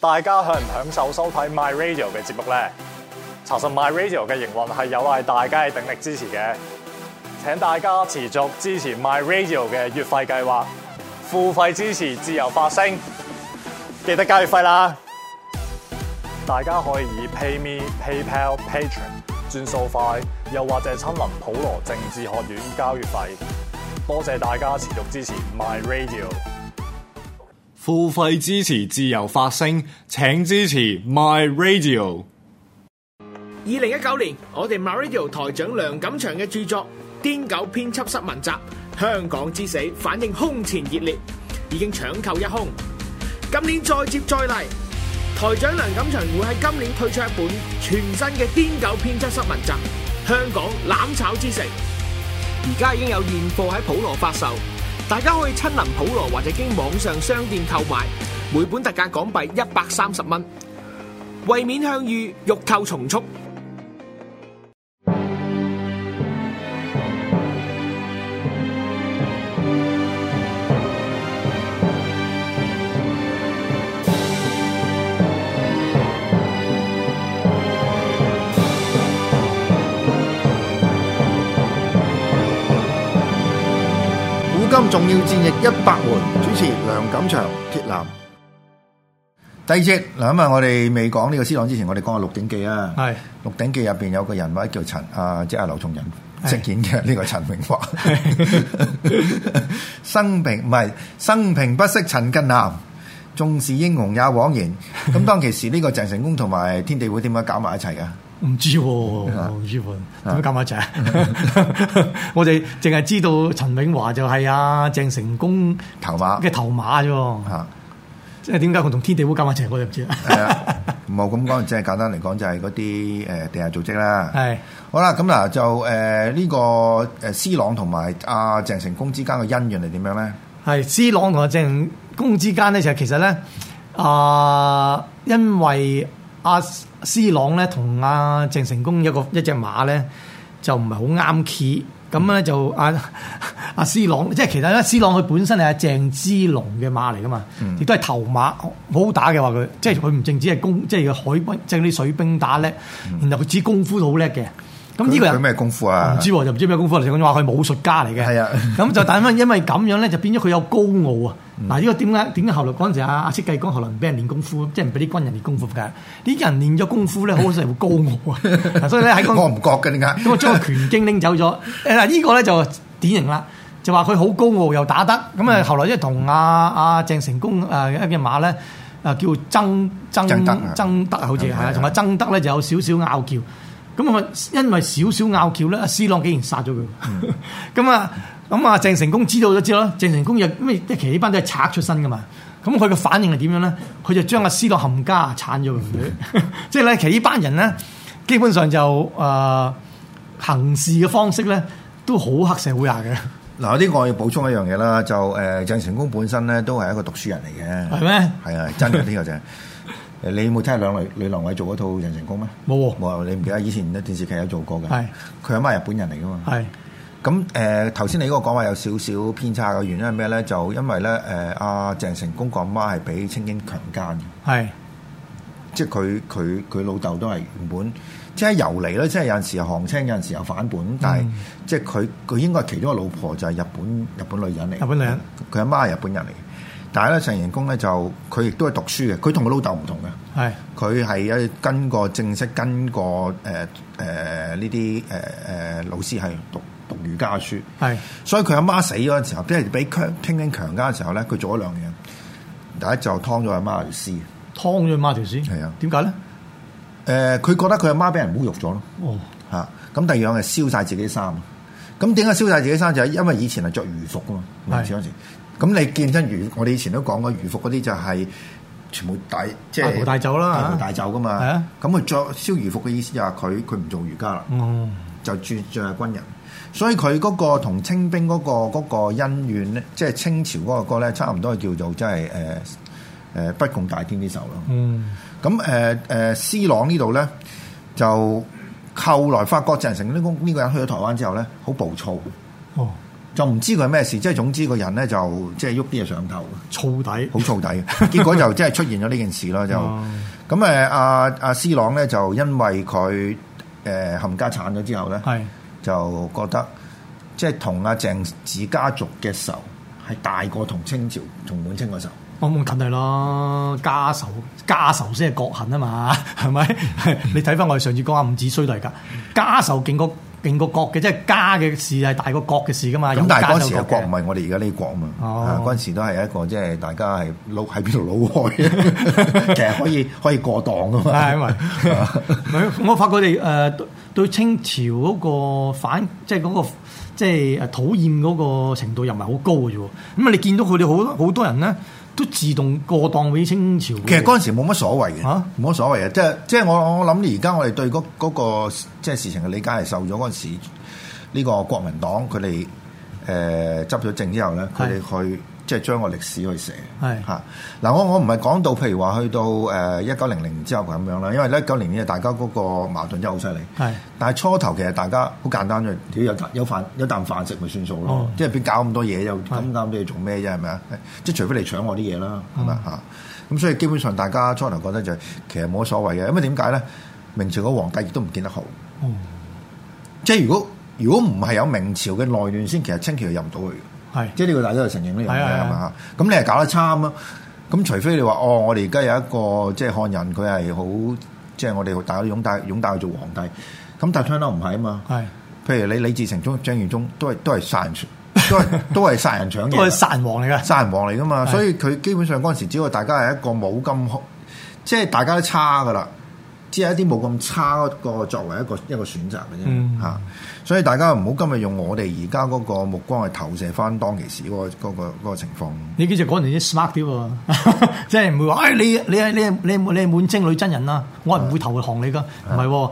大家享唔享受收睇 My Radio 嘅節目咧？查實 My Radio 嘅營運係有賴大家嘅鼎力支持嘅，請大家持續支持 My Radio 嘅月費計劃，付費支持自由發聲，記得交月費啦！大家可以以 PayMe、PayPal、Patreon 轉數快，又或者親臨普羅政治學院交月費。多謝大家持續支持 My Radio。付費支持自由發聲，請支持 My Radio。二零一九年，我哋 My Radio 台長梁錦祥嘅著作《癲狗編輯室文集》香港之死反應空前熱烈，已經搶購一空。今年再接再厲，台長梁錦祥會喺今年推出一本全新嘅《癲狗編輯室文集》香港攬炒之城，而家已經有現貨喺普羅發售。大家可以親臨普羅或者經網上商店購買，每本特價港幣一百三十蚊，為免向隅欲購從速。戰役一百回，主持梁錦祥、鐵男。第二節嗱，咁啊，我哋未講呢個施琅之前，我哋講下《鹿鼎記》啊。係《鹿鼎記》入邊有個人物叫陳啊，即係阿劉松仁飾演嘅呢個陳永華。生平唔係生平不識陳近南，縱使英雄也枉然。咁當其時呢個鄭成功同埋天地會點樣搞埋一齊噶？唔知喎，唔知喎，點解夾埋一齊啊？啊 我哋淨係知道陳永華就係阿、啊、鄭成功頭馬嘅頭馬啫喎，即係點解佢同天地會夾埋一齊，我哋唔知啊。唔好咁講，即係 簡單嚟講，就係嗰啲誒地下組織啦。係是好啦，咁嗱就誒呢、呃這個誒施琅同埋阿鄭成功之間嘅恩怨係點樣咧？係施琅同阿、啊、鄭成功之間咧，就其實咧啊、呃，因為。阿、啊、施琅咧同阿、啊、鄭成功一個一隻馬咧就唔係好啱騎，咁咧就阿阿施琅即係其實咧施琅佢本身係阿鄭芝龍嘅馬嚟噶嘛，亦都係頭馬，好打嘅話佢、嗯，即係佢唔淨止係攻，即係海即係啲水兵打叻，然後佢指功夫都好叻嘅。咁、這、呢個人佢咩功夫啊？唔知、啊、就唔知咩功夫嚟，咁話佢武術家嚟嘅。係啊，咁就但因為咁樣咧，就變咗佢有高傲啊。嗱，呢個點解點解後來嗰陣時阿戚繼光後來唔俾人練功夫，即係唔俾啲軍人練功夫㗎。啲、嗯、人練咗功夫咧，好似係會高傲啊。 所以咧喺 個我唔覺㗎點解。咁啊將個拳經拎走咗。誒嗱，呢個咧就典型啦。就話佢好高傲又打得。咁啊後來即係同阿阿鄭成功誒一隻馬咧，誒、啊啊啊、叫曾曾曾德好似係啊，同阿曾德咧就有少少拗撬。咁啊，因為少少拗撬咧，阿施琅竟然殺咗佢。咁啊、嗯，咁啊、 嗯，鄭成功知道咗之後咧，鄭成功又咩？即係呢班都係賊出身噶嘛。咁佢嘅反應係點樣咧？佢就將阿施琅冚家鏟咗佢。嗯、 即係咧，其呢班人咧，基本上就誒、呃、行事嘅方式咧，都好黑社會下嘅。嗱、嗯，呢個我要補充一樣嘢啦，就誒鄭、呃、成功本身咧，都係一個讀書人嚟嘅。係咩嗎？係啊，真嘅呢個就係。 你有冇聽兩女梁偉做嗰套《鄭成功》咩？冇喎，冇啊！你唔記得以前嘅電視劇有做過嘅。係佢阿媽日本人嚟噶嘛？係是的。咁、呃、誒，頭先你嗰個講話有少少偏差嘅原因係咩咧？就因為咧誒，阿、呃啊、鄭成功嘅阿媽係俾清英強姦嘅。係是的。即係佢佢佢老豆都係原本，即係由嚟咧，即係有陣時行清有陣時又反本，但係即係佢佢應該係其中個老婆就係、是、日本日本女人嚟。日本女人。佢阿媽係日本人嚟。但係咧，陳延公咧就佢亦都係讀書嘅，佢同佢老豆唔同嘅。係佢係誒跟個正式跟個誒誒呢啲誒誒老師係讀讀儒家書。係是所以佢阿媽死嗰陣時候，即係俾強拼命強姦嘅時候咧，佢做咗兩樣。第一就劏咗阿媽條屍，劏咗阿媽條屍。係啊，點解咧？誒、呃，佢覺得佢阿媽俾人侮辱咗咯。哦，嚇！咁第二樣係燒晒自己衫。咁點解燒晒自己衫就係因為以前係着儒服噶嘛？係嗰咁你見真儒，我哋以前都講過儒服嗰啲就係全部大即係、就是、大袖啦，大袖噶嘛。咁佢著燒儒服嘅意思就係佢佢唔做儒家啦，嗯、就轉做係軍人。所以佢嗰、那個同清兵嗰、那個那個那個恩怨咧，即係清朝嗰個咧，差唔多叫做即係誒誒不共戴天之仇咯。嗯，咁誒誒，施、呃、琅、呃、呢度咧就後來發覺鄭成功呢、這個人去咗台灣之後咧，好暴躁。就唔知佢係咩事，即係總之個人咧就即係喐啲嘢上頭，燥底，好燥底， 結果就即係出現咗呢件事咯。就咁誒，阿阿噢、啊啊、施琅咧就因為佢誒冚家鏟咗之後咧，是就覺得即係同阿鄭氏家族嘅仇係大過同清朝同滿清嘅仇，我冇咁睇咯，家仇家仇先係國恨啊嘛，係咪？你睇翻我哋上次講阿伍子胥嚟噶，家仇勁過。定個國嘅，即係家嘅事係大過國嘅事噶嘛。咁但係嗰陣時個國唔係我哋而家呢國啊嘛。哦，嗰陣、啊、時都係一個即係大家係撈喺邊度撈開，老 其實可以可以過檔啊嘛。係因為我發覺你誒、呃、對，對清朝嗰個反，即係、那、嗰個即係誒討厭嗰個程度又唔係好高㗎啫。咁啊，你見到佢哋好多好多人咧。都自動過檔俾清朝。其實嗰陣時冇乜所謂嘅，冇乜、啊、所謂啊！即係即係我我諗、嗰個，而家我哋對嗰個即係事情嘅理解係受咗嗰陣時呢、呢個國民黨佢哋誒執咗政之後咧，佢哋去。即係將個歷史去寫，係嚇嗱，我我唔係講到，譬如話去到誒一九零零之後咁樣啦，因為一九零零啊，大家嗰個矛盾真係好犀利，係是。但係初頭其實大家好簡單嘅，有啖有，有飯有啖飯食咪算數咯，即係邊搞咁多嘢又咁啱畀你做咩啫，係咪啊？即係除非你搶我啲嘢啦，係咪啊？咁所以基本上大家初頭覺得就係其實冇乜所謂嘅，因為點解咧？明朝個皇帝亦都唔見得好，嗯、即係如果如果唔係有明朝嘅內亂先，其實清朝入唔到去。係，即係呢個大家都承認呢樣嘢啊嘛。咁、嗯、你係搞得差咁，咁除非你話哦，我哋而家有一個即係漢人，佢係好，即係我哋大，大家都擁戴，擁戴佢做皇帝。咁但係相唔係啊嘛。係，譬如你李自成中、張張獻忠都係都係殺人， 都係都係殺人搶嘅。都係殺人，人王嚟噶，殺人王嚟噶嘛。是的 所以佢基本上嗰陣時，只要大家係一個冇咁，即係大家都差噶啦。只係一啲冇咁差一個作為一個一個選擇嘅啫嚇，所以大家唔好今日用我哋而家嗰個目光去投射翻當其時嗰個嗰個情況。你記住嗰年啲 smart 啲喎？ 即係唔會話，哎你你係你你你係滿清女真人啦、啊，我係唔會投降你噶，唔的、啊、係喎，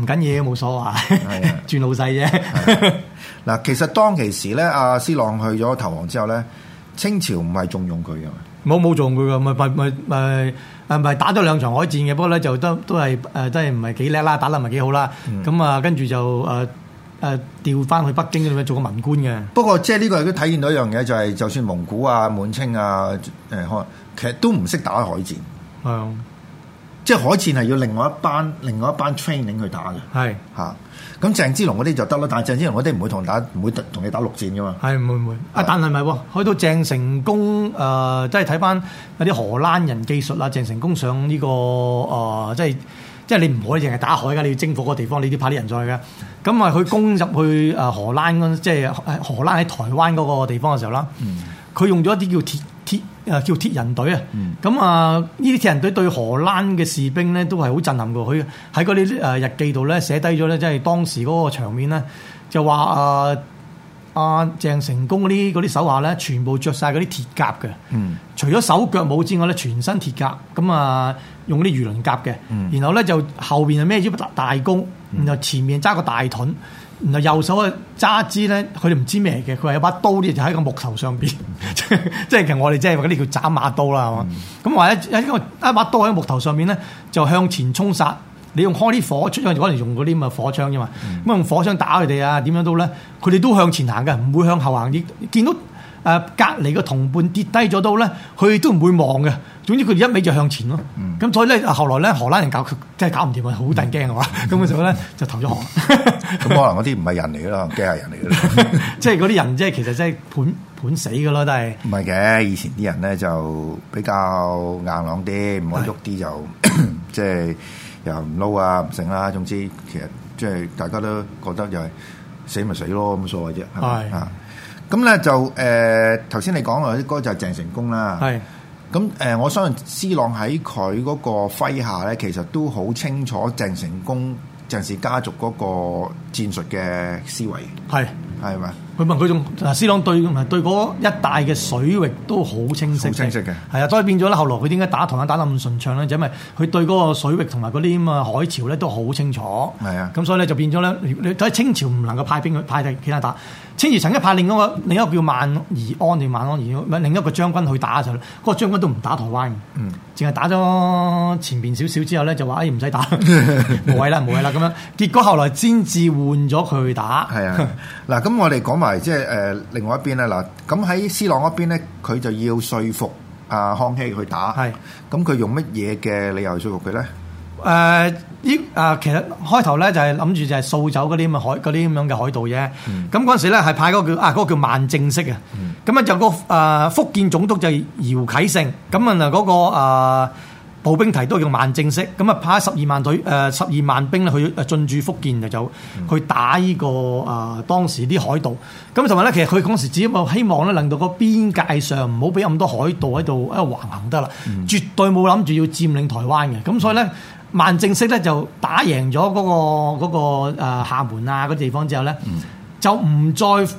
唔緊嘢冇所謂，轉老細啫。嗱 的， 其實當其時咧，阿、啊、施琅去咗投降之後咧，清朝唔係重用佢啊。冇冇做佢噶，咪咪咪咪咪打咗兩場海戰嘅，不過咧就都都係誒，都係唔係幾叻啦，打得唔係幾好啦。咁啊、嗯，跟住就誒誒調翻去北京做個文官嘅。嗯、不過即係呢個亦都體現到一樣嘢，就係、是、就算蒙古啊、滿清啊誒，可、呃、能其實都唔識打海戰。係啊。即係海戰係要另外一班另外一班 training 去打嘅，係嚇是。咁、啊、鄭之龍嗰啲就得咯，但係鄭芝龍嗰啲唔會同人打，唔會同你打陸戰噶嘛。係唔會唔會。啊，是但係咪喎？去到鄭成功誒、呃，即係睇翻嗰啲荷蘭人技術啦。鄭成功上呢、這個誒、呃，即係即係你唔可以淨係打海㗎，你要征服嗰個地方，你都派啲人再去㗎。咁啊，佢攻入去誒荷蘭即係荷蘭喺台灣嗰個地方嘅時候啦。佢、嗯、用咗一啲叫鐵鐵誒叫鐵人隊啊！咁啊、嗯，呢啲鐵人隊對荷蘭嘅士兵咧都係好震撼㗎。佢喺嗰啲誒日記度咧寫低咗咧，即係當時嗰個場面咧，就話誒阿鄭成功嗰啲啲手下咧，全部着晒嗰啲鐵甲嘅，嗯、除咗手腳冇之外咧，全身鐵甲。咁啊，用嗰啲魚鱗甲嘅。然後咧就後邊係咩？孭支大弓，然後前面揸個大盾。嗯然後右手嘅揸支咧，佢哋唔知咩嘅，佢話有一把刀呢就喺個木頭上邊，嗯、 即係其實我哋即係嗰啲叫斬馬刀啦，係嘛？咁、嗯、或者一把刀喺木頭上面咧，就向前衝殺。你用開啲火出，可能用嗰啲咁嘅火槍啫嘛。咁、嗯、用火槍打佢哋啊？點樣都咧，佢哋都向前行嘅，唔會向後行。你見到？誒、啊、隔離個同伴跌低咗到咧，佢都唔會望嘅。總之佢哋一味就向前咯。咁、嗯、所以咧，後來咧荷蘭人搞，即係搞唔掂，好大驚嚇嘛。咁嘅時候咧就投咗行。咁可能嗰啲唔係人嚟嘅咯，機械人嚟嘅。即係嗰啲人，即係其實真係盤盤死嘅咯，都係。唔係嘅，以前啲人咧就比較硬朗啲，唔好喐啲就即係的、 就是、又唔撈啊，唔成啦。總之其實即係大家都覺得就係死咪死咯，冇所謂啫，係啊。咁咧就誒，頭先你講嗰啲歌就鄭成功啦。係。咁誒，我相信施琅喺佢嗰個麾下咧，其實都好清楚鄭成功鄭氏家族嗰個戰術嘅思維，係係嘛。佢問佢仲嗱，施琅對唔嗰一帶嘅水域都好清晰，清晰嘅係啊，所以變咗咧，後來佢點解打台灣打咁順暢咧？就因為佢對嗰個水域同埋嗰啲咁啊海潮咧都好清楚，係啊的，咁所以咧就變咗咧。喺清朝唔能夠派兵去派其他人打，清朝曾經派另一個另一個叫萬宜安定萬安而唔另一個將軍去打就，嗰、那個將軍都唔打台灣嘅，嗯，淨係打咗前邊少少之後咧就話哎唔使打， 無謂啦無謂啦咁樣。結果後來先至換咗佢去打，係啊嗱，咁我哋講即係誒，另外一邊咧嗱，咁喺思朗施琅嗰邊咧，佢就要說服阿康熙去打。係是，咁佢用乜嘢嘅理由去說服佢咧？誒，依誒，其實開頭咧就係諗住就係掃走嗰啲咁嘅海嗰啲咁樣嘅海盜啫。咁嗰陣時咧係派嗰個叫啊嗰，那個叫萬正色啊。咁啊，嗯，就，那個誒、呃、福建總督就係姚啟聖。咁問嗱嗰個誒。呃步兵提都用萬正色，咁啊派十二萬隊誒、呃、十二萬兵咧去進駐福建，就就去打呢、這個誒、呃、當時啲海盜。咁同埋咧，其實佢嗰時只望希望咧，令到個邊界上唔好俾咁多海盜喺度一路橫行得啦。嗯、絕對冇諗住要佔領台灣嘅。咁所以咧，萬、嗯、正色咧就打贏咗嗰、那個嗰、那個誒廈、呃、門啊個地方之後咧、嗯呃，就唔再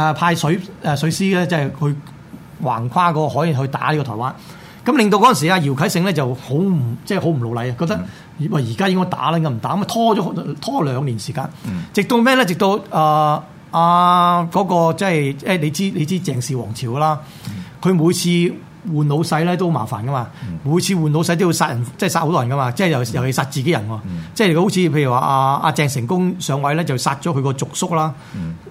誒派水誒水師咧，即係去橫跨個海去打呢個台灣。咁令到嗰陣時啊，姚啟勝咧就好唔即係好唔努力啊，覺得話而家應該打啦，咁唔打咁拖咗拖兩年時間，嗯，直到咩咧？直、呃、到啊啊嗰、嗰個即係即係你知你知鄭氏王朝啦，佢、嗯、每次。換老細咧都好麻煩噶嘛，每次換老細都要殺人，即係殺好多人噶嘛，即係尤尤其殺自己人喎。嗯、即係如果好似譬如話阿阿鄭成功上位咧，就殺咗佢個族叔啦。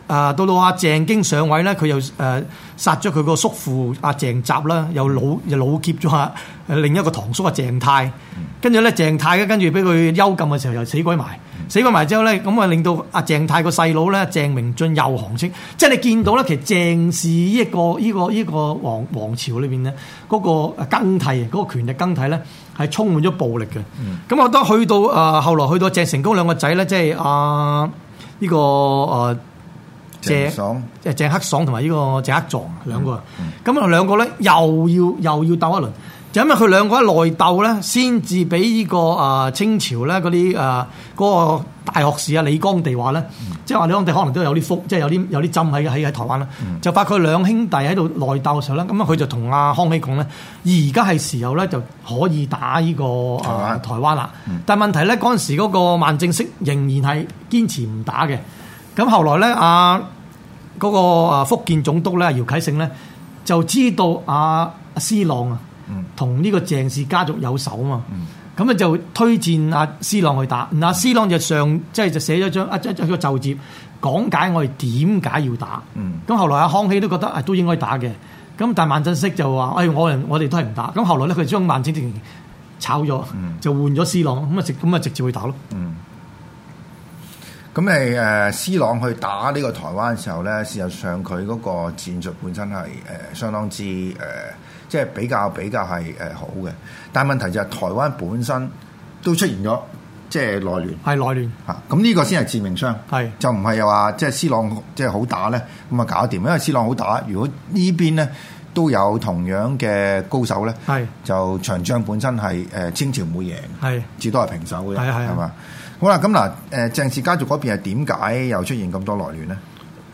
啊、嗯，到到阿鄭經上位咧，佢又誒殺咗佢個叔父阿鄭襲啦，又老又老劫咗下另一個堂叔阿鄭泰。跟住咧，鄭泰咧，跟住俾佢幽禁嘅時候，又死鬼埋。死埋之後咧，咁啊令到阿鄭泰個細佬咧，鄭明進又降清，即係你見到咧，其實鄭氏依、這個依、這個依、這個皇皇朝裏邊咧，嗰、那個更替，嗰、那個權力更替咧，係充滿咗暴力嘅。咁我都去到啊，後來去到鄭成功兩個仔咧，即係阿呢個誒、呃、鄭爽，即係鄭克爽同埋呢個鄭克臧兩個，咁啊、嗯嗯、兩個咧又要又要鬥一輪。因為佢兩個內鬥咧，先至俾呢個啊清朝咧嗰啲啊嗰個大學士啊李光地話咧，嗯、即係話李光地可能都有啲福，即、就、係、是、有啲有啲浸喺喺喺台灣啦。嗯、就發佢兩兄弟喺度內鬥嘅時候咧，咁啊佢就同阿康熙講咧，而家係時候咧就可以打呢、這個台灣啦。啊灣嗯、但係問題咧嗰陣時嗰個萬正色仍然係堅持唔打嘅。咁後來咧啊嗰、那個福建總督咧姚啟聖咧就知道阿阿施琅。啊。同呢個鄭氏家族有仇嘛？咁啊、嗯、就推薦阿、啊、施琅去打，阿、啊、施琅就上即係就寫咗張一張、啊、一個奏摺，講解我哋點解要打。咁、嗯、後來阿、啊、康熙都覺得啊都應該打嘅，咁但係萬正色就話：哎，我哋我哋都係唔打。咁後來咧佢就將萬正色炒咗，就換咗施琅，咁啊直咁啊直接去打咯。嗯咁咪誒，施琅去打呢個台灣嘅時候咧，事實上佢嗰個戰術本身係誒、呃、相當之誒、呃，即係比較比較係誒好嘅。但係問題就係台灣本身都出現咗即係內亂，係內亂嚇。咁呢、啊、個先係致命傷，係是就唔係又話即係施琅即係好打咧，咁啊搞掂。因為施琅好打，如果邊呢邊咧都有同樣嘅高手咧，係是就長將本身係誒、呃、清朝唔會贏，係至是多係平手嘅，係啊係啊。好啦，咁嗱，誒、呃，鄭氏家族嗰邊係點解又出現咁多內亂咧？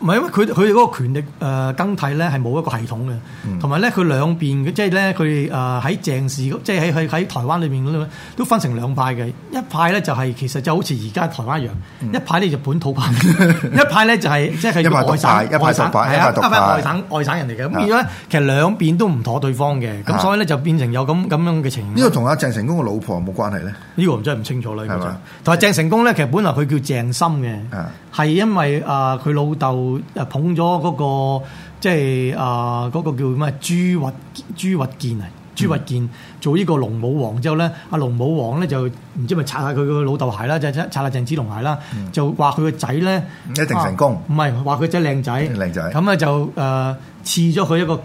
唔係因為佢佢哋嗰個權力誒更替咧係冇一個系統嘅，同埋咧佢兩邊嘅即係咧佢誒喺鄭氏即係喺喺台灣裏邊都都分成兩派嘅，一派咧就係其實就好似而家台灣一樣，一派咧就本土派，一派咧就係即係外省外省派，係啊，外省外省人嚟嘅。咁而家其實兩邊都唔妥對方嘅，咁所以咧就變成有咁咁樣嘅情況。呢個同阿鄭成功嘅老婆有冇關係咧？呢個我真係唔清楚啦。係嘛？同埋鄭成功咧，其實本來佢叫鄭森嘅，係因為啊佢老豆。誒，捧咗嗰、那個即係啊，嗰、呃那個叫咩朱聿朱聿鍵啊，朱聿鍵，健做呢個隆武王之後咧，阿隆、嗯啊、武王咧就唔知咪擦下佢個老豆鞋啦，就係擦擦下鄭芝龍鞋啦，嗯、就話佢個仔咧一定成功，唔係話佢仔靚仔，靚仔咁咧就誒賜咗佢一個。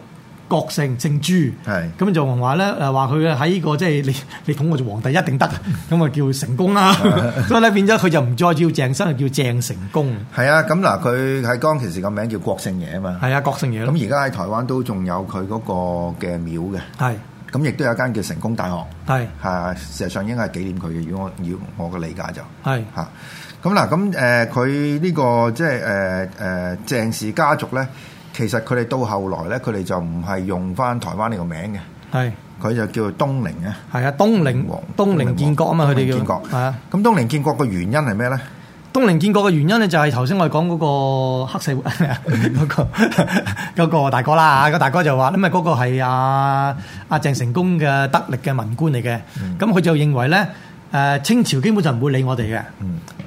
國姓姓朱，咁的、這個、就話咧誒話佢喺呢個即係你你捧我做皇帝一定得，咁啊叫成功啦。 所以咧變咗佢就唔再叫鄭生，係叫鄭成功。係啊，咁嗱佢喺當其時個名叫國姓爺啊嘛。係啊，國姓爺。咁而家喺台灣都仲有佢嗰個嘅廟嘅。係的。咁亦都有間叫成功大學。係的。嚇，事實上應該係紀念佢嘅，如果要我嘅理解就係嚇。咁嗱的，咁誒佢呢個即係誒誒鄭氏家族咧。呃其實佢哋到後來咧，佢哋就唔係用翻台灣呢個名嘅，係佢的就叫東寧嘅，係啊東寧王皇東寧寧建國啊嘛，佢哋叫建國係啊。咁東寧建國嘅的原因係咩咧？東寧建國嘅原因咧就係頭先我哋講嗰個黑社會嗰個、嗰個大哥啦，嗰個大哥就話因為、嗰個、啊嗰個係阿阿鄭成功嘅得力嘅文官嚟嘅，咁佢、嗯、就認為咧誒清朝基本就唔會理我哋嘅，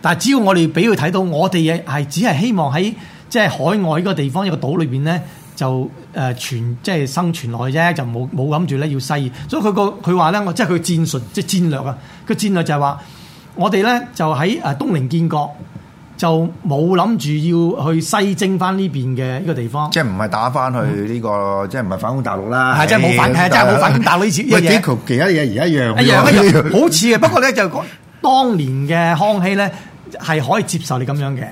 但係只要我哋俾佢睇到我哋嘢係只係希望喺。即係海外呢個地方一個島裏邊咧，就誒存即係生存落去啫，就冇冇諗住咧要西。所以佢個佢話咧，我即係佢戰術即係戰略啊。個戰略就係話，我哋咧就喺東寧建國，就冇諗住要去西征翻呢邊嘅呢個地方。即係唔係打翻去呢、呢個，嗯、即係唔係反攻大陸啦？即係冇反，係即係冇反攻大陸呢次嘅嘢。其他嘢而家一樣，一樣一樣，好似嘅。 不過咧就，當年嘅康熙咧係可以接受你咁樣嘅。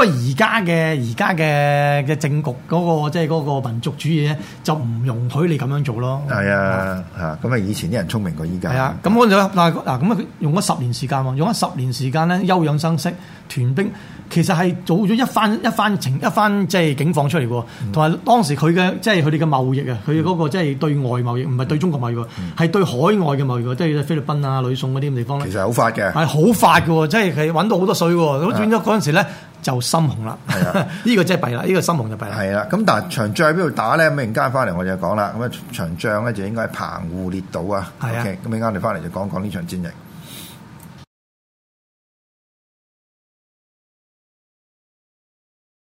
不過而家嘅而家嘅嘅政局嗰、嗰個即係嗰個民族主義咧，就唔容許你咁樣做咯。係啊，嚇咁啊！以前啲人聰明過依家。係啊，咁我就咧嗱嗱咁啊，用咗十年時間喎，用咗十年時間咧休養生息、團兵，其實係做咗一番一番情一番即係警防出嚟喎。同埋當時佢嘅即係佢哋嘅貿易啊，佢嗰個即係對外貿易，唔係、嗯、對中國貿易喎，係、嗯、對海外嘅貿易喎，即係菲律賓啊、呂宋嗰啲咁地方。其實好快嘅係好快嘅，即係佢揾到好多水喎。咁變咗嗰陣時咧。就深紅啦，呢的 個真係弊啦，呢、這個深紅就弊啦。咁但係場仗喺邊度打呢？咁陣間返嚟我就講啦，咁啊場仗咧就應該係澎湖列島啊。的 OK，咁你啱啱嚟返嚟就講講呢場戰役。